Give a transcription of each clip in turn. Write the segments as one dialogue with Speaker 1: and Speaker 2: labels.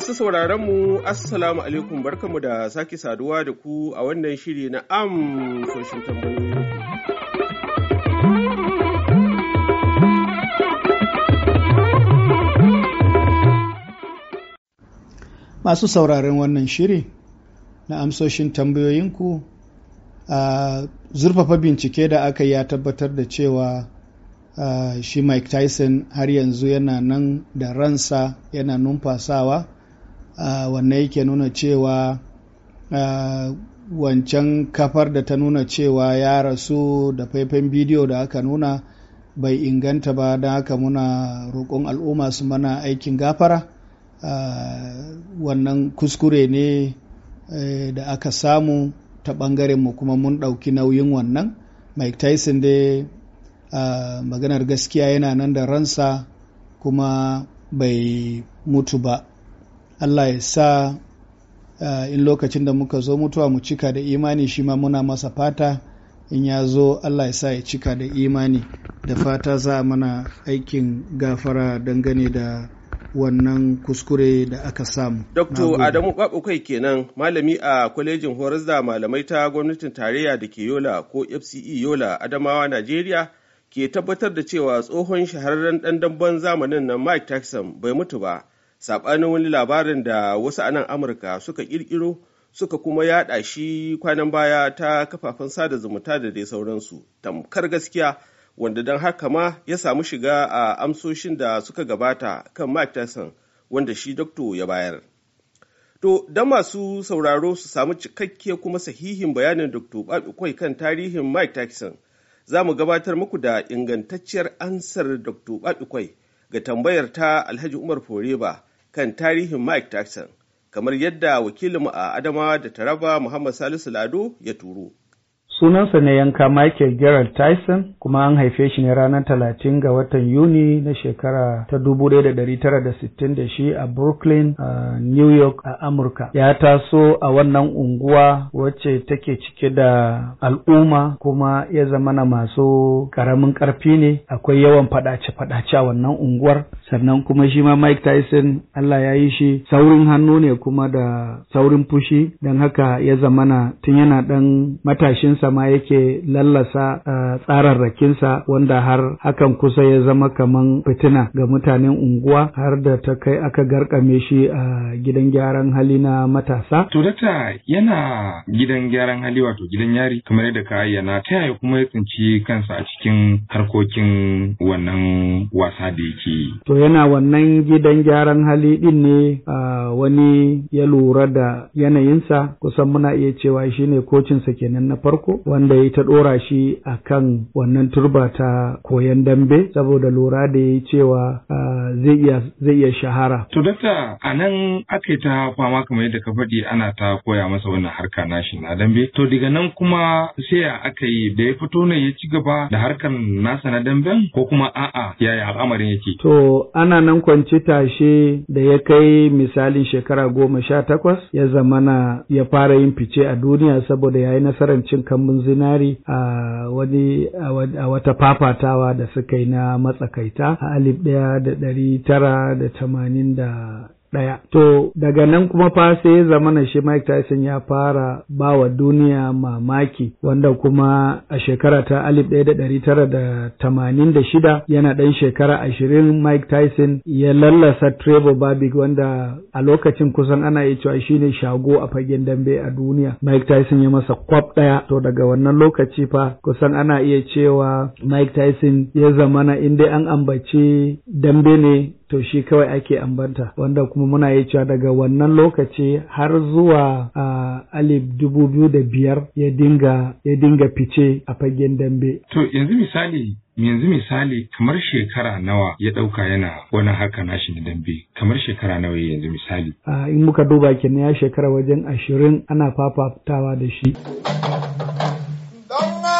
Speaker 1: Masu sauraron mu Assalamu alaikum barkamu da sake saduwa da ku a wannan shiri na amsoshin tambayoyi
Speaker 2: Masu sauraron wannan shiri na amsoshin tambayoyinku a zurfafa bincike da aka yi ya tabbatar da cewa Uh, shi Mike Tyson har yanzu yana nan da ransa yana numfasawa Ah, wannan yake nuna cewa ah, wancan kafar da ta nuna cewa ya rasu da faifan bidiyo da aka nuna bai inganta ba don haka muna roƙon al'umma su mana aikin gafara ah, wannan kuskure ne eh, da aka samu ta ɓangaren mu kuma mun ɗauki nauyin wannan mike tyson dai maganar gaskiya yana nan da ransa kuma bai mutu ba Allah ya sa eh, in lokacin da muka zo mutuwa mu cika da imani shi ma muna masa fata in ya zo Allah ya sa ya cika da imani da fata za a mana aikin gafara dangane da wannan kuskure da aka samu. Dr. Adamu
Speaker 1: Babukai kenan malami a kwalejin horas da malamai ta gwamnatin tarayya da ke Yola ko FCE Yola Adamawa Najeriya ke tabbatar da cewa tsohon shahararren ɗan damben zamanin na Mike Tyson bai mutu ba. sabanin wani labarin da wasu anan amurka suka kirkiro suka kuma yaɗa shi kwanan baya ta kafafen sada zumunta da dai sauransu tamkar gaskiya wanda don haka ma ya samu shiga a amsoshin da suka gabata kan Mike Tyson wanda shi dokto ya bayar. To, don masu sauraro su samu cikakke kuma sahihin bayanin Dr. kwai kan tarihin Mike Tyson, za mu gabatar muku da ingantacciyar ansar Dr. kwai ga tambayar ta Alhaji Umar Foreba kan tarihin Mike Tyson, kamar yadda wakilinmu a Adamawa da Taraba Muhammad Salisu Lado ya turo.
Speaker 3: sunansa ne yanka michael gerald tyson kuma an haife shi ne ranar talatin ga watan yuni na shekara ta dubu da shi a brooklyn a new york a amurka ya taso a wannan unguwa wacce take cike da al'umma kuma ya zamana masu karamin karfi ne akwai yawan fadace-fadace a wannan unguwar sannan kuma shi ma mike tyson allah ya yi shi saurin hannu ne kuma da saurin fushi don haka ya zamana tun yana ɗan matashinsa ma yake lallasa eh, tsararrakinsa wanda har hakan kusa ya zama kaman fitina ga mutanen unguwa har da ta kai aka garkame shi a gidan gyaran hali na matasa. To
Speaker 4: yana gidan gyaran hali wato gidan yari kamar yadda ka ayyana ta yaya kuma ya tsinci kansa a cikin harkokin wannan wasa
Speaker 1: da yake.
Speaker 3: To yana wannan gidan gyaran hali din ne wani ya lura da yanayinsa kusan muna iya cewa shine kocinsa kenan na farko wanda ya ta ɗora shi a kan wannan turba ta koyan dambe saboda lura da ya cewa zai iya shahara. To
Speaker 4: dakta a nan aka ta fama kamar yadda ka faɗi ana ta koya masa wannan harka nashi na dambe. To daga nan kuma sai a aka yi da ya fito ne ya ci gaba da harkar nasa na dambe? ko kuma a'a yaya al'amarin yake.
Speaker 3: To ana nan kwance tashe da ya kai misalin shekara goma sha takwas ya zamana ya fara yin fice a duniya saboda ya yi nasarar cin kan samun zinari a wani a wata fafatawa da suka yi na matsakaita a alif ɗaya da ɗari tara da tamanin da ɗaya. To daga nan kuma fa sai ya na shi Mike Tyson ya fara ba wa duniya mamaki wanda kuma a shekara ta alif ɗaya da ɗari tara da tamanin da shida yana ɗan shekara ashirin Mike Tyson ya lallasa Trevor Babig wanda a lokacin kusan ana iya cewa shine shago a fagen dambe a duniya. Mike Tyson ya masa kwaf ɗaya to daga wannan lokaci fa kusan ana iya cewa Mike Tyson ya zamana in dai an ambaci dambe ne to shi kawai ake ambanta wanda kuma muna yi cewa daga wannan lokaci har zuwa a alif dubu biyu da biyar ya dinga fice a fagen dambe.
Speaker 4: To yanzu misali yanzu misali kamar shekara nawa ya ɗauka yana wani haka nashi na dambe kamar shekara nawa yanzu misali.
Speaker 3: A in muka duba kenan ya shekara wajen ashirin ana fafatawa da shi.
Speaker 5: Don ma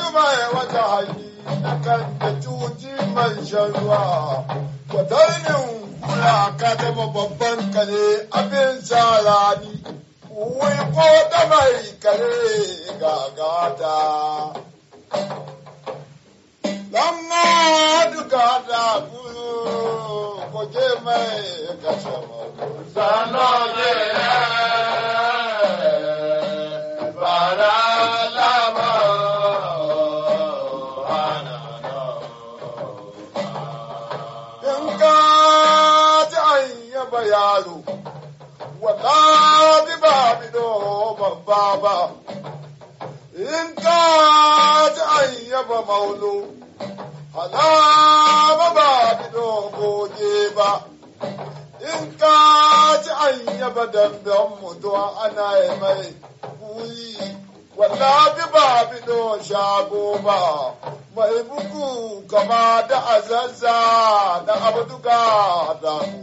Speaker 5: duba ya wata hali na kan da cuci man shan ruwa kwatarnin kula ka taba babban kare abin sarani wai ko da mai kare gagata lamma duka da kuru ko je mai kashe mu
Speaker 1: sanole
Speaker 5: yaro wallahi ba bido babba ba in ka ji an yaba maulu halama ba bido goge ba in ka ji an yaba damben mutuwa ana yi mai kuyi wallahi ba bido shago ba mai bugu kama da azazza da abduga da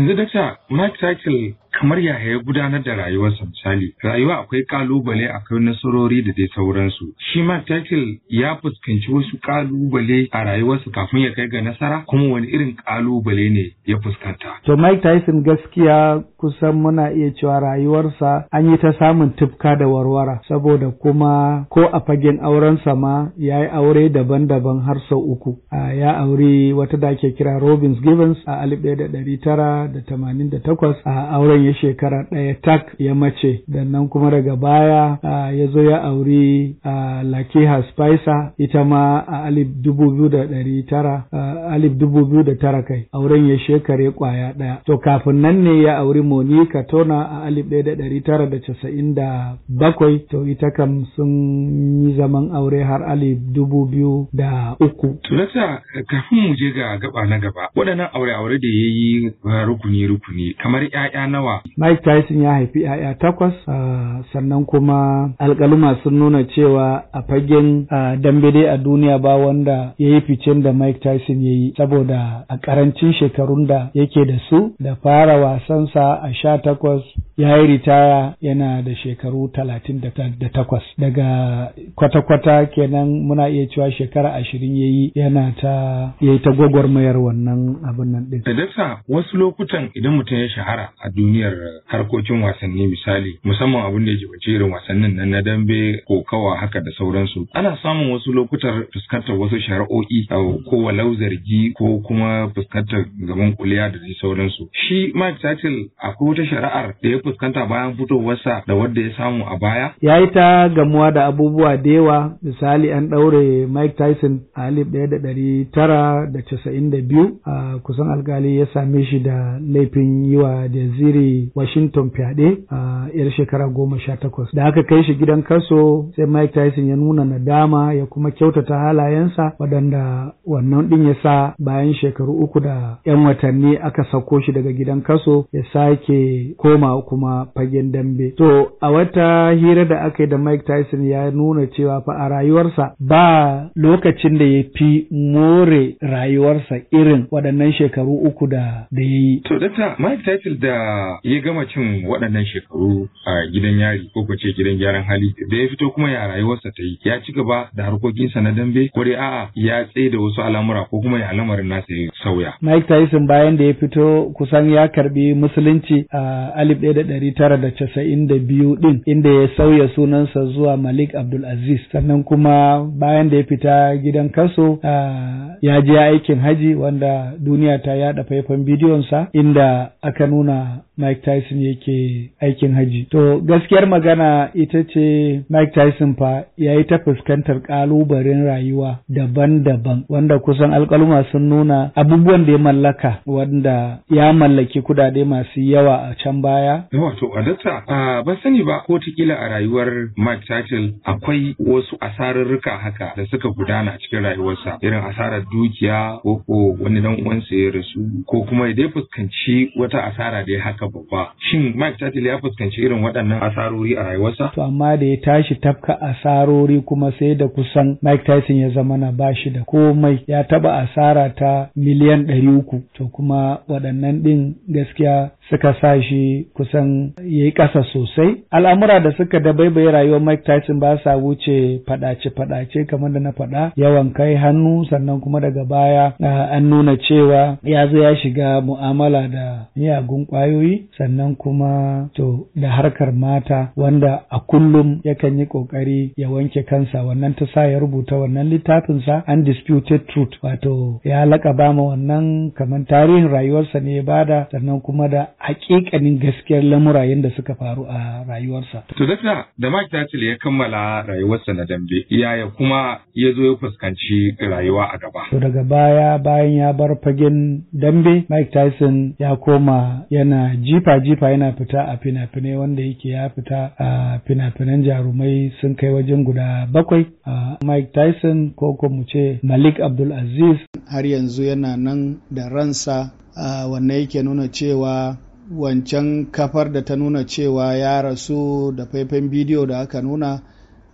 Speaker 4: yanzu Mike motorcycle kamar yaya ya gudanar da rayuwarsa misali rayuwa akwai kalubale akwai nasarori da dai sauransu shi ma Tekil ya fuskanci wasu kalubale a rayuwarsa kafin ya kai ga nasara kuma wani irin kalubale ne ya fuskanta
Speaker 3: to Mike Tyson gaskiya kusan muna iya cewa rayuwarsa an yi ta samun tufka da warwara saboda kuma ko a fagen aurensa ma ya yi aure daban-daban har sau uku ya aure wata da ake kira Robins Givens a 1988 a auren ya shekara ɗaya tak ya mace da nan kuma daga baya ya zo ya auri lakiha spicer ita ma a alif dubu biyu da ɗari tara alif dubu biyu da tara kai auren ya shekare kwaya ɗaya to kafin nan ne ya auri ka tona a alif ɗaya da ɗari tara da casa'in da bakwai to ita kam sun yi zaman aure har alif dubu biyu da uku. Tunasa
Speaker 4: kafin mu je ga gaba na gaba waɗannan aure-aure da ya yi rukuni-rukuni kamar ‘ya'ya nawa
Speaker 3: Mike Tyson ya haifi 'ya'ya takwas uh, sannan kuma alkaluma sun nuna cewa a fagen uh, dambe a duniya ba wanda ya yi ficen da Mike Tyson ya yi saboda a ƙarancin shekarun da yake da su da fara wasansa a sha takwas ya yi ritaya yana da shekaru talatin da takwas daga kwata-kwata kenan muna iya cewa shekara ashirin ya yi yana ta ya yi ta gwagwarmayar wannan abin nan ɗin.
Speaker 4: Da dasa wasu lokutan idan mutum ya shahara a duniyar harkokin wasanni misali musamman abin da ya jibace irin wasannin nan na dambe ko kawa haka da sauransu ana samun wasu lokutan fuskantar wasu shari'o'i ko walau zargi ko kuma fuskantar gaban kuliya da dai sauransu. Shi Mike Tatil akwai wata shari'ar da ya fuskanta bayan fitowarsa da wadda ya samu a baya?
Speaker 3: Ya yi ta gamuwa da abubuwa da yawa misali an ɗaure Mike Tyson a alif ɗaya da ɗari tara da casa'in da biyu a kusan alkali ya same shi da laifin yi wa jaziri Washington fyaɗe a yar shekara goma sha takwas. Da aka kai shi gidan kaso sai Mike Tyson ya nuna nadama ya kuma kyautata halayensa waɗanda wannan ɗin ya sa bayan shekaru uku da 'yan watanni aka sauko shi daga gidan kaso ya sake koma kuma kuma fagen dambe. To a wata hira da aka yi da Mike Tyson ya nuna cewa fa a rayuwarsa ba lokacin da ya fi more rayuwarsa irin waɗannan shekaru uku da da ya yi. To dakta
Speaker 4: Mike Tyson da ya gama cin waɗannan shekaru a gidan yari ko ko ce gidan gyaran hali da ya fito kuma ya rayuwarsa ta yi ya ci gaba da harkokinsa na dambe ko dai a'a ya tsaye da wasu al'amura ko kuma ya al'amarin nasa ya sauya.
Speaker 3: Mike Tyson bayan da ya fito kusan ya karbi musulunci a alif ɗaya da biyu din inda ya sauya sunansa zuwa Malik Abdul Aziz sannan kuma bayan da ya fita gidan kaso ya je aikin haji wanda duniya ta yada faifan bidiyonsa inda aka nuna Mike Tyson yake aikin haji. To gaskiyar magana ita ce Mike Tyson fa ya yi ta fuskantar ƙalubalen rayuwa daban-daban wanda kusan alkaluma sun nuna abubuwan da ya mallaka wanda ya mallaki kudade masu yawa a can baya Wato a dasa
Speaker 4: a ban sani ba ko tikila a rayuwar Mike Churchill akwai wasu asararruka haka da suka gudana cikin rayuwarsa irin asarar dukiya ko ko wani dan sa ya rasu ko kuma ya fuskanci wata asara da ya haka babba. Shin Mike Churchill ya fuskanci irin waɗannan asarori a rayuwarsa?
Speaker 3: To amma da ya tashi tafka asarori kuma sai da kusan Mike Tyson ya zama na bashi da komai ya taba asara ta miliyan ɗari uku to kuma waɗannan ɗin gaskiya suka sa shi kusan ya yi ƙasa sosai. Al'amura da suka dabaibaye rayuwar Mike Tyson ba sa wuce faɗace-faɗace kamar da na faɗa yawan kai hannu sannan kuma daga baya an nuna cewa ya zo ya shiga mu'amala da miyagun ƙwayoyi sannan kuma to da harkar mata wanda a kullum yakan yi ƙoƙari ya wanke kansa wannan ta sa ya rubuta wannan littafinsa Undisputed Truth wato ya laƙaba ma wannan kamar tarihin rayuwarsa ne ya bada sannan kuma da hakikanin gaskiyar lamura yadda suka faru a rayuwarsa.
Speaker 4: To dakta da Mike Churchill ya kammala rayuwarsa na dambe yaya kuma ya zo ya fuskanci rayuwa a gaba.
Speaker 3: To daga baya bayan ya bar fagen dambe Mike Tyson ya koma yana jifa jifa yana fita a fina-finai wanda yake ya fita a fina-finan jarumai sun kai wajen guda bakwai a Mike Tyson ko ko mu ce Malik Abdul Aziz
Speaker 2: har yanzu yana nan da ransa Uh, wannan yake nuna cewa wancan kafar da ta nuna cewa ya rasu da faifan bidiyo da aka nuna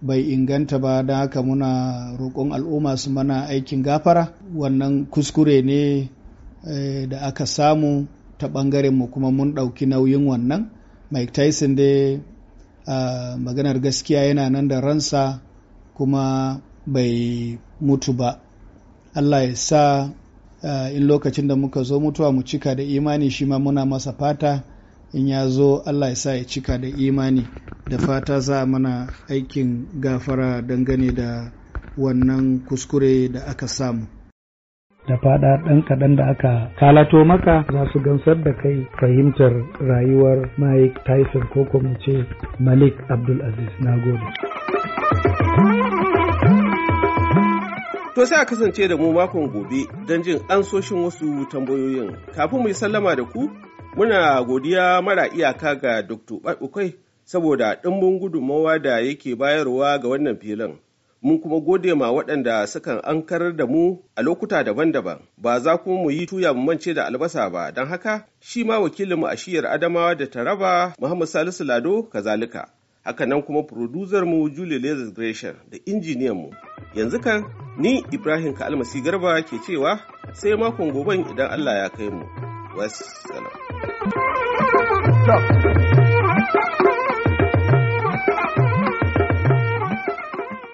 Speaker 2: bai inganta ba don haka muna roƙon al'umma su mana aikin gafara wannan kuskure ne eh, da aka samu ta mu kuma mun ɗauki nauyin wannan mike tyson dai maganar gaskiya yana nan da ransa kuma bai mutu ba allah ya sa Eh, in lokacin da muka zo mutuwa mu cika da imani shi ma muna masa fata in ya zo Allah ya sa ya cika da imani da fata za a mana aikin gafara dangane da wannan kuskure da aka samu
Speaker 3: da fada ɗan kaɗan da aka kalato maka za su gamsar da kai fahimtar rayuwar Mike Tyson ko kuma ce Malik Abdulaziz na gobe.
Speaker 1: To sai a kasance da mu makon gobe don jin ansoshin wasu tambayoyin. Kafin mu yi sallama da ku, muna godiya mara iyaka ga Dr. Ukwai saboda ɗimbin gudunmawa da yake bayarwa ga wannan filin. Mun kuma gode ma waɗanda sukan ankar da mu a lokuta daban-daban, ba za kuma mu yi tuya mu mance da albasa ba, don haka shi ma wakilinmu a shiyar Adamawa da Taraba Muhammad Salisu Lado kazalika. Hakanan kuma mu Julie Lazar Gresham da injiniyanmu Yanzu kan ni Ibrahim ka Almasi Garba ke cewa sai makon goben idan Allah ya kai mu. Wasu salam.